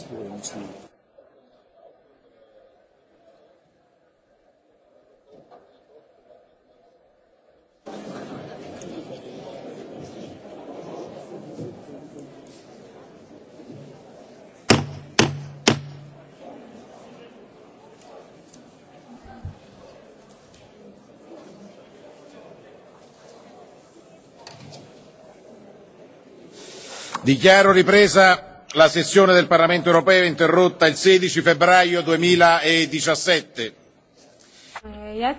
it's very unstable. Dichiaro ripresa la sessione del parlamento europeo è interrotta il sedici febbraio duemiladiciassette eh,